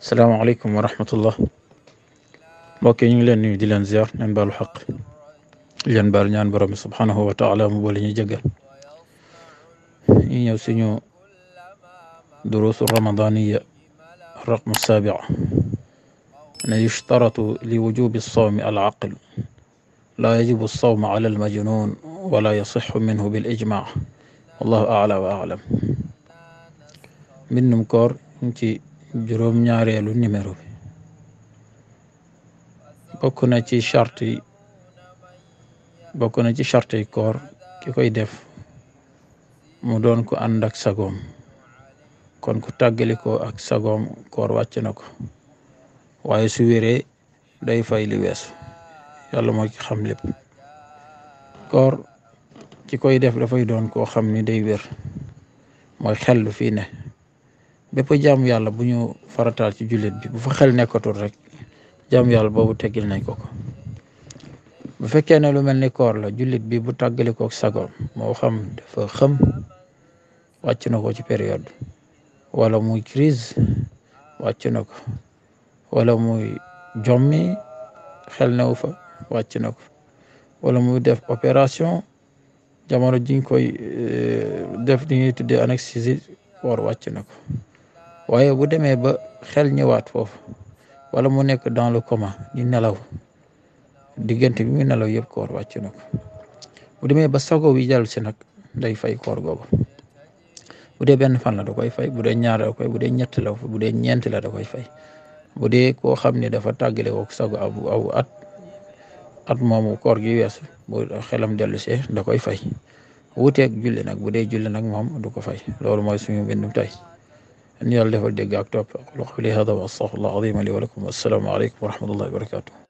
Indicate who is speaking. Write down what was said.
Speaker 1: السلام عليكم ورحمة الله بوكي نيو لين نيو دي لين زيار نين بالو حق لين بال نيان برامي سبحانه وتعالى مبالي نيو جاگل نيو دروس رمضانيه الرقم السابعة أن يشترط لوجوب الصوم العقل لا يجب الصوم على المجنون ولا يصح منه بالإجماع الله أعلى وأعلم من مكور انتي juróom-ñaareelu numéro bi bokk na ci charte na ci charte yi koor ki koy def mu doon ko ànd ak sagoom kon ku tàggalikoo ak sagom koor wàcc na ko waaye su wéree day fay li weesu yàlla moo ci lépp koor ki koy def dafay doon koo xam ni day wér mooy xel lu fii bépp jaamu yàlla bu ñu farataal ci jullit bi bu fa xel nekkatul rek jaamu yàlla boobu teggil nañ ko ko bu fekkee ne lu mel ni koor la jullit bi bu tàggali koog sagoom moo xam dafa xam wàcc na ko ci période wala muy crise wàcc na ko wala muy jommi xel newu fa wàcc na ko wala muy def opération jamono jiñ koy eh, def di ñuy tuddee anesthésie koor wàcc na ko waaye bu demee ba xel ñëwaat foofu wala mu nekk dans le comment di nelaw diggante bi muy nelaw yëpp koor wàcc na ko bu demee ba sago wi jàll si nag day fay koor googu bu dee benn fan la da koy fay bu dee ñaar da koy bu dee ñett la bu dee ñeent la da koy fay bu dee koo xam ne dafa tàggale wook sago aw aw at at moomu koor gi weesu bu xelam dellu see da koy fay wuuteeg julli nag bu dee julli nag moom du ko fay loolu mooy suñu bindum tey أن يلهو الدقاق توفيق أقول قولي هذا وأستغفر الله العظيم لي ولكم والسلام عليكم ورحمة الله وبركاته